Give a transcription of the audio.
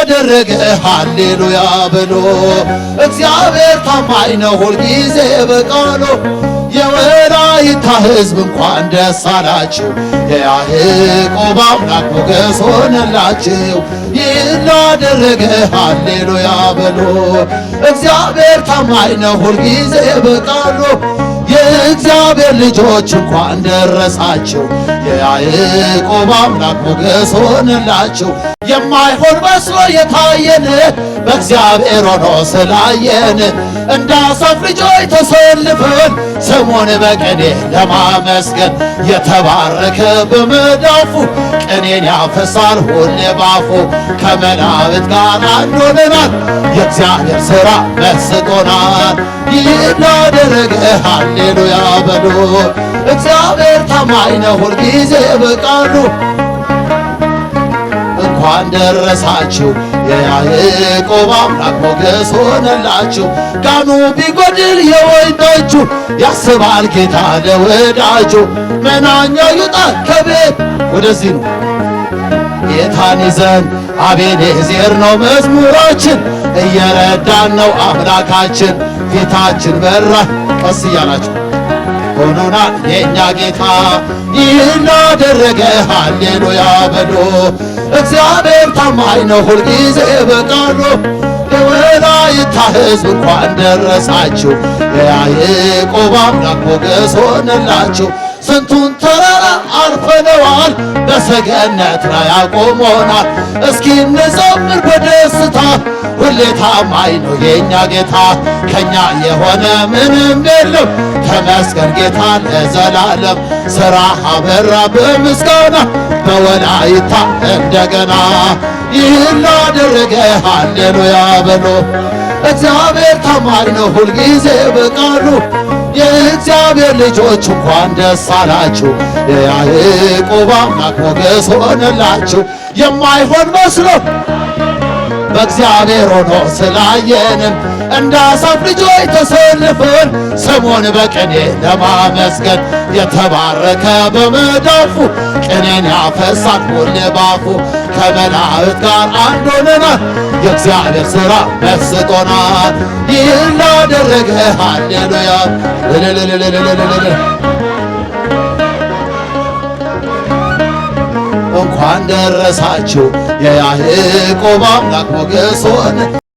አደረገ ሃሌሉያ ብሎ እግዚአብሔር ታማኝ ነው ሁልጊዜ በቃሉ የወላይታ ሕዝብ እንኳን ደስ አላችሁ የያዕቆብ አምላክ ሞገስ ሆነላችሁ። ይህን አደረገ ሃሌሉያ ብሎ እግዚአብሔር ታማኝ ነው ሁልጊዜ በቃሉ የእግዚአብሔር ልጆች እንኳን ደረሳችሁ። የያዕቆብ አምላክ ሞገስ ሆንላችሁ። የማይሆን መስሎ የታየን በእግዚአብሔር ሆኖ ስላየን እንደ አሳፍ ልጆች ተሰልፈን ስሙን በቅኔ ለማመስገን የተባረከ በመዳፉ ቅኔን ያፈሳል ሁሌ ባፉ ከመላእክት ጋር አንድ ሆነናል። የእግዚአብሔር ሥራ መስጦናል። ይህን ላደረገ ሃሌሉያ በሉ። እግዚአብሔር ታማኝ ነው ሁልጊዜ በቃሉ። እንኳን ደረሳችሁ የያዕቆብ አምላክ ሞገስ ሆነላችሁ። ቀኑ ቢጎድል የወይን ጠጁ ያስባል ጌታ ለወዳጁ። መናኛ ይውጣ ከቤት ወደዚህ ነው ጌታን ይዘን አቤኔ ነው መዝሙራችን እየረዳን ነው አምላካችን ፊታችን በራ። ቀስ እያላችሁ ሆኖና የእኛ ጌታ ይህን አደረገ። ሃሌሉያ በሎ እግዚአብሔር ታማኝ ነው ሁልጊዜ በቃሎ የወላይታ ሕዝብ እንኳን ደረሳችሁ የያዕቆብ አምላክ ሞገስ ሆነላችሁ። ስንቱን ተራራ አልፈነዋል በሰገነት ላይ አቆሞናል እስኪ ታማኝ ነው የኛ ጌታ ከኛ የሆነ ምንም የለም። ተመስገን ጌታ ለዘላለም ስራ አበራ በምስጋና በወላይታ እንደገና ይህን ላደረገ ሃሌሉያ በሎ እግዚአብሔር ታማኝ ነው ሁልጊዜ በቃሉ የእግዚአብሔር ልጆች እንኳን ደስ አላችሁ። የያዕቆብ አምላክ ሞገስ ሆነላችሁ የማይሆን መስሎ በእግዚአብሔር ሆኖ ስላየንም እንደ አሳፍ ልጆች ተሰልፈን ስሙን በቅኔ ለማመስገን የተባረከ በመዳፉ ቅኔን ያፈሳል ሁል ባፉ ከመላእክት ጋር አንድ ሆነናል። የእግዚአብሔር ሥራ መስጦናል። ይህን ላደረገ ሃሌሉያ እንኳን ደረሳችሁ የያዕቆብ አምላክ ሞገሶን